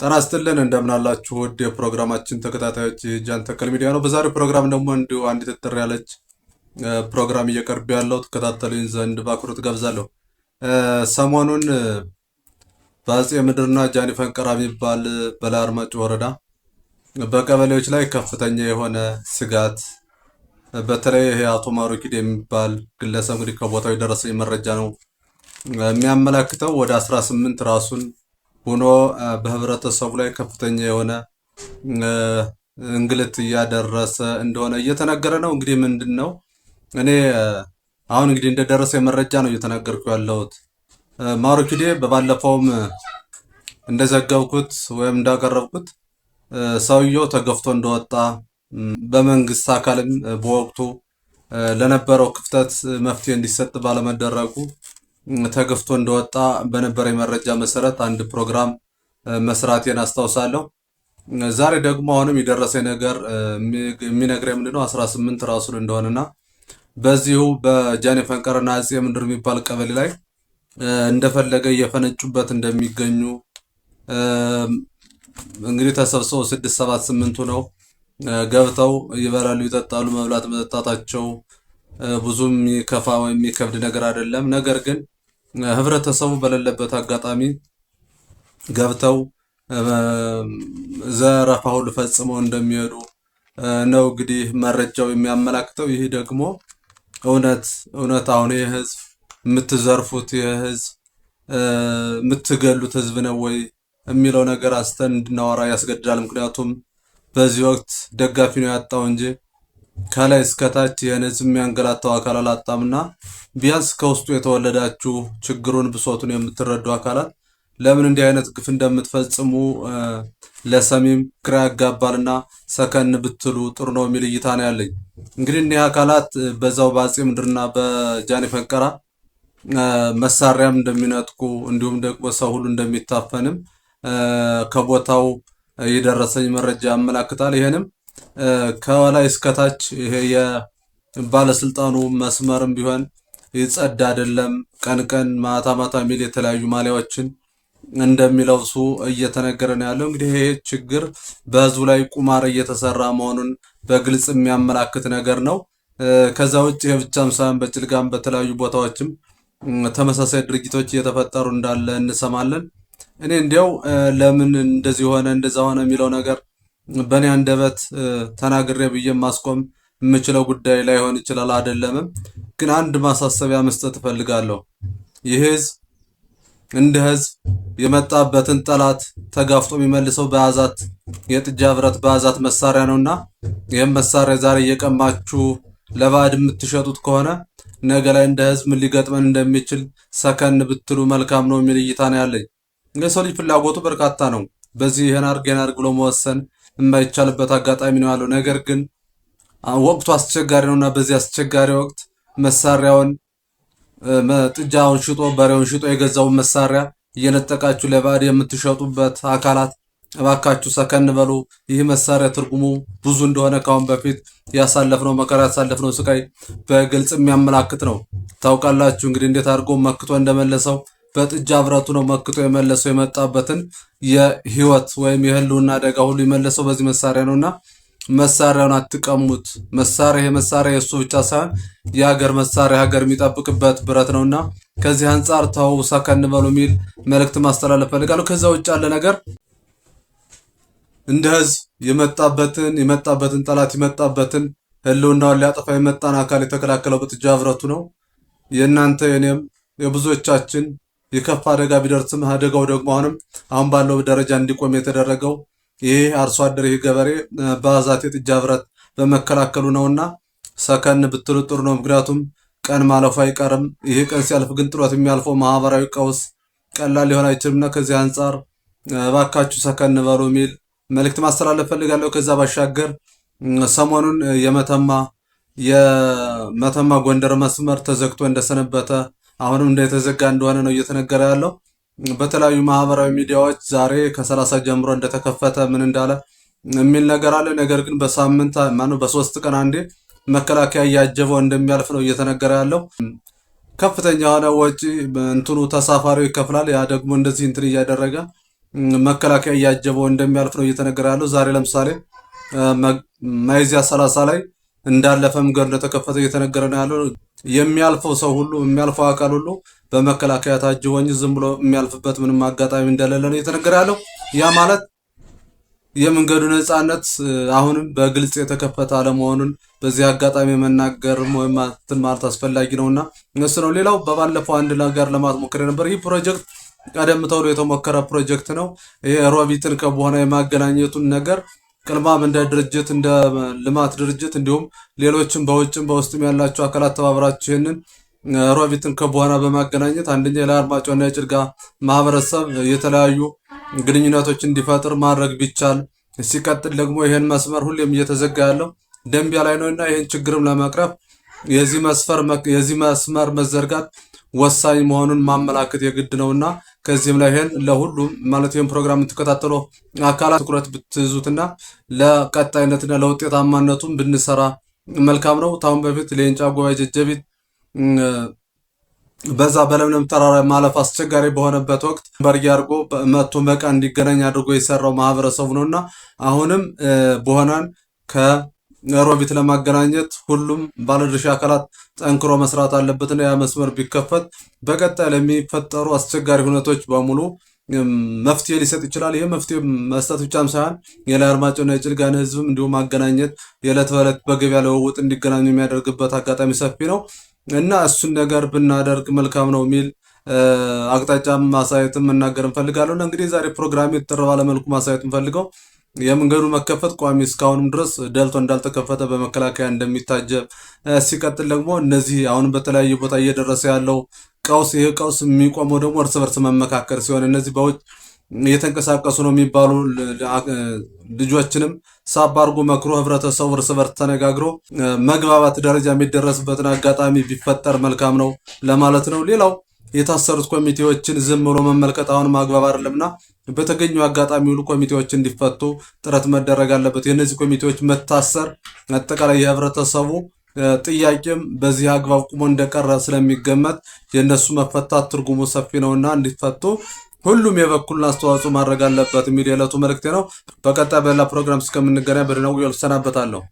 ጤና ይስጥልን እንደምናላችሁ ውድ የፕሮግራማችን ተከታታዮች ጃን ተከል ሚዲያ ነው። በዛሬው ፕሮግራም ደግሞ እንዲሁ አንድ ትጥር ያለች ፕሮግራም እየቀርብ ያለው ትከታተሉኝ ዘንድ በአክብሮት ገብዛለሁ። ሰሞኑን በአፄ ምድርና ጃኒ ፈንቀራ የሚባል በላይ አርማጭ ወረዳ በቀበሌዎች ላይ ከፍተኛ የሆነ ስጋት በተለይ ይሄ አቶ ማሮኪድ የሚባል ግለሰብ እንግዲህ ከቦታው የደረሰኝ መረጃ ነው የሚያመላክተው ወደ 18 ራሱን ሆኖ በህብረተሰቡ ላይ ከፍተኛ የሆነ እንግልት እያደረሰ እንደሆነ እየተነገረ ነው። እንግዲህ ምንድን ነው እኔ አሁን እንግዲህ እንደደረሰ መረጃ ነው እየተናገርኩ ያለሁት። ማሩኪዴ በባለፈውም እንደዘገብኩት ወይም እንዳቀረብኩት ሰውየው ተገፍቶ እንደወጣ በመንግስት አካልም በወቅቱ ለነበረው ክፍተት መፍትሄ እንዲሰጥ ባለመደረጉ ተገፍቶ እንደወጣ በነበረኝ መረጃ መሰረት አንድ ፕሮግራም መስራቴን አስታውሳለሁ። ዛሬ ደግሞ አሁንም የደረሰኝ ነገር የሚነግረኝ ምንድነው 18 ራሱን እንደሆነና በዚሁ በጃኔ ፈንቀርና አጼ ምንድር የሚባል ቀበሌ ላይ እንደፈለገ እየፈነጩበት እንደሚገኙ እንግዲህ ተሰብስበው ስድስት ሰባት ስምንቱ ነው ገብተው ይበላሉ፣ ይጠጣሉ። መብላት መጠጣታቸው ብዙም የሚከፋ ወይም የሚከብድ ነገር አይደለም። ነገር ግን ህብረተሰቡ በሌለበት አጋጣሚ ገብተው ዘረፋው ልፈጽመው እንደሚሄዱ ነው እንግዲህ መረጃው የሚያመላክተው። ይህ ደግሞ እውነት እውነት አሁን የህዝብ የምትዘርፉት የህዝብ የምትገሉት ህዝብ ነው ወይ የሚለው ነገር አስተን እንድናወራ ያስገድዳል። ምክንያቱም በዚህ ወቅት ደጋፊ ነው ያጣው እንጂ ከላይ እስከታች የህንዝብ የሚያንገላታው አካል አላጣምና ቢያንስ ከውስጡ የተወለዳችሁ ችግሩን ብሶቱን የምትረዱ አካላት ለምን እንዲህ አይነት ግፍ እንደምትፈጽሙ ለሰሚም ግራ ያጋባልና ሰከን ብትሉ ጥሩ ነው የሚል እይታ ነው ያለኝ። እንግዲህ እኒህ አካላት በዛው በአጼ ምድርና በጃኒ ፈንቀራ መሳሪያም እንደሚነጥቁ እንዲሁም ደግሞ ሰው ሁሉ እንደሚታፈንም ከቦታው የደረሰኝ መረጃ ያመላክታል። ይሄንም ከላይ እስከታች ይሄ የባለስልጣኑ መስመርም ቢሆን ይጸዳ አይደለም። ቀን ቀን ማታ ማታ የሚል የተለያዩ ማሊያዎችን እንደሚለብሱ እየተነገረ ነው ያለው። እንግዲህ ይሄ ችግር በህዝቡ ላይ ቁማር እየተሰራ መሆኑን በግልጽ የሚያመላክት ነገር ነው። ከዛ ውጭ ይሄ ብቻም ሳይሆን በጭልጋም በተለያዩ ቦታዎችም ተመሳሳይ ድርጊቶች እየተፈጠሩ እንዳለ እንሰማለን። እኔ እንዲያው ለምን እንደዚህ ሆነ እንደዛ ሆነ የሚለው ነገር በእኔ አንደበት ተናግሬ ብዬ ማስቆም የምችለው ጉዳይ ላይሆን ይችላል፣ አይደለምም። ግን አንድ ማሳሰቢያ መስጠት እፈልጋለሁ። ይህ ህዝብ እንደ ህዝብ የመጣበትን ጠላት ተጋፍጦ የሚመልሰው በአዛት የጥጃ ብረት በአዛት መሳሪያ ነውና ይህም መሳሪያ ዛሬ እየቀማችሁ ለባዕድ የምትሸጡት ከሆነ ነገ ላይ እንደ ህዝብ ምን ሊገጥመን እንደሚችል ሰከን ብትሉ መልካም ነው የሚል እይታ ነው ያለኝ። የሰው ልጅ ፍላጎቱ በርካታ ነው። በዚህ ይህን አርግ ይህን አርግ ብሎ መወሰን የማይቻልበት አጋጣሚ ነው ያለው። ነገር ግን ወቅቱ አስቸጋሪ ነው እና በዚህ አስቸጋሪ ወቅት መሳሪያውን ጥጃውን ሽጦ በሬውን ሽጦ የገዛውን መሳሪያ እየነጠቃችሁ ለባዕድ የምትሸጡበት አካላት እባካችሁ ሰከን በሉ። ይህ መሳሪያ ትርጉሙ ብዙ እንደሆነ ካሁን በፊት ያሳለፍነው መከራ ያሳለፍነው ስቃይ በግልጽ የሚያመላክት ነው። ታውቃላችሁ እንግዲህ እንዴት አድርጎ መክቶ እንደመለሰው በጥጃ ብረቱ ነው መክቶ የመለሰው የመጣበትን የህይወት ወይም የህልውና አደጋ ሁሉ የመለሰው በዚህ መሳሪያ እና መሳሪያውን አትቀሙት። መሳሪያ ይሄ መሳሪያ የእሱ ብቻ ሳይሆን የሀገር መሳሪያ ሀገር የሚጠብቅበት ብረት እና ከዚህ አንጻር ተው ሰከን በሉ የሚል መልእክት ማስተላለፍ ፈልጋለሁ። ከዛ ውጭ ያለ ነገር እንደ ህዝብ የመጣበትን የመጣበትን ጠላት የመጣበትን ህልውናውን ሊያጠፋ የመጣን አካል የተከላከለው በጥጃ ብረቱ ነው። የእናንተ የኔም የብዙዎቻችን የከፋ አደጋ ቢደርስም አደጋው ደግሞ አሁንም አሁን ባለው ደረጃ እንዲቆም የተደረገው ይህ አርሶ አደር ይህ ገበሬ በአዛት የጥጃ ብረት በመከላከሉ ነውና ሰከን ብትሉ ጥሩ ነው። ምክንያቱም ቀን ማለፉ አይቀርም። ይሄ ቀን ሲያልፍ ግን ጥሎት የሚያልፈው ማህበራዊ ቀውስ ቀላል ሊሆን አይችልምና ከዚህ አንጻር እባካችሁ ሰከን በሉ የሚል መልእክት ማስተላለፍ ፈልጋለሁ። ከዛ ባሻገር ሰሞኑን የመተማ የመተማ ጎንደር መስመር ተዘግቶ እንደሰነበተ አሁንም እንደተዘጋ እንደሆነ ነው እየተነገረ ያለው። በተለያዩ ማህበራዊ ሚዲያዎች ዛሬ ከሰላሳ ጀምሮ እንደተከፈተ ምን እንዳለ የሚል ነገር አለ። ነገር ግን በሳምንት ማነው በሶስት ቀን አንዴ መከላከያ እያጀበው እንደሚያልፍ ነው እየተነገረ ያለው። ከፍተኛ የሆነ ወጪ እንትኑ ተሳፋሪው ይከፍላል። ያ ደግሞ እንደዚህ እንትን እያደረገ መከላከያ እያጀበው እንደሚያልፍ ነው እየተነገረ ያለው። ዛሬ ለምሳሌ ሚያዝያ ሰላሳ ላይ እንዳለፈ መንገድ እንደተከፈተ እየተነገረ ነው ያለው። የሚያልፈው ሰው ሁሉ የሚያልፈው አካል ሁሉ በመከላከያ ታጅ ሆኜ ዝም ብሎ የሚያልፍበት ምንም አጋጣሚ እንደሌለ ነው እየተነገረ ያለው። ያ ማለት የመንገዱ ነፃነት አሁንም በግልጽ የተከፈተ አለመሆኑን በዚህ አጋጣሚ መናገር ወይም እንትን ማለት አስፈላጊ ነውና እሱ ነው። ሌላው በባለፈው አንድ ነገር ለማለት ሞክሬ ነበር። ይህ ፕሮጀክት ቀደም ተብሎ የተሞከረ ፕሮጀክት ነው። ይሄ ሮቢትን ከቦሆና የማገናኘቱን ነገር ቅልማም እንደ ድርጅት እንደ ልማት ድርጅት እንዲሁም ሌሎችም በውጭም በውስጥም ያላቸው አካላት ተባብራችሁ ይህንን ሮቢትን ከቦኋና በማገናኘት አንደኛ የአርማጭሆና የጭልጋ ማህበረሰብ የተለያዩ ግንኙነቶች እንዲፈጥር ማድረግ ቢቻል፣ ሲቀጥል ደግሞ ይህን መስመር ሁሌም እየተዘጋ ያለው ደንቢያ ላይ ነው እና ይህን ችግርም ለመቅረፍ የዚህ መስመር መዘርጋት ወሳኝ መሆኑን ማመላከት የግድ ነውና ከዚህም ላይ ይሄን ለሁሉም ማለት ይሄን ፕሮግራም የምትከታተሉ አካላት ትኩረት ብትይዙትና ለቀጣይነትና ለውጤታማነቱም ብንሰራ መልካም ነው። ታሁን በፊት ለእንጫ ጉባኤ ጀጀቢት በዛ በለምለም ተራራ ማለፍ አስቸጋሪ በሆነበት ወቅት በርጌ አድርጎ መቶ መቃ እንዲገናኝ አድርጎ የሰራው ማህበረሰቡ ነውና አሁንም በሆነን ከ ሮቢት ለማገናኘት ሁሉም ባለድርሻ አካላት ጠንክሮ መስራት አለበትና ያ መስመር ቢከፈት በቀጣይ ለሚፈጠሩ አስቸጋሪ ሁነቶች በሙሉ መፍትሄ ሊሰጥ ይችላል። ይህ መፍትሄ መስጠት ብቻም ሳይሆን የላይ አርማጭሆና የጭልጋን ህዝብም እንዲሁም ማገናኘት የዕለት በዕለት በገበያ ለውውጥ እንዲገናኙ የሚያደርግበት አጋጣሚ ሰፊ ነው እና እሱን ነገር ብናደርግ መልካም ነው የሚል አቅጣጫ ማሳየትም መናገር እንፈልጋለሁ። እንግዲህ ዛሬ ፕሮግራም የተጠራ ባለመልኩ ማሳየት እንፈልገው የመንገዱ መከፈት ቋሚ እስካሁንም ድረስ ደልቶ እንዳልተከፈተ በመከላከያ እንደሚታጀብ ሲቀጥል ደግሞ እነዚህ አሁንም በተለያየ ቦታ እየደረሰ ያለው ቀውስ ይህ ቀውስ የሚቆመው ደግሞ እርስ በርስ መመካከል ሲሆን እነዚህ በውጭ እየተንቀሳቀሱ ነው የሚባሉ ልጆችንም ሳብ አድርጎ መክሮ ህብረተሰቡ እርስ በርስ ተነጋግሮ መግባባት ደረጃ የሚደረስበትን አጋጣሚ ቢፈጠር መልካም ነው ለማለት ነው ሌላው የታሰሩት ኮሚቴዎችን ዝም ብሎ መመልከት አሁን ማግባብ አይደለምና በተገኙ አጋጣሚ ሁሉ ኮሚቴዎች እንዲፈቱ ጥረት መደረግ አለበት። የእነዚህ ኮሚቴዎች መታሰር አጠቃላይ የህብረተሰቡ ጥያቄም በዚህ አግባብ ቁሞ እንደቀረ ስለሚገመት የእነሱ መፈታት ትርጉሙ ሰፊ ነውና እንዲፈቱ ሁሉም የበኩሉን አስተዋጽኦ ማድረግ አለበት የሚል የዕለቱ መልእክቴ ነው። በቀጣይ በሌላ ፕሮግራም እስከምንገናኝ በደህና ቆዩ። ሰናበታለሁ።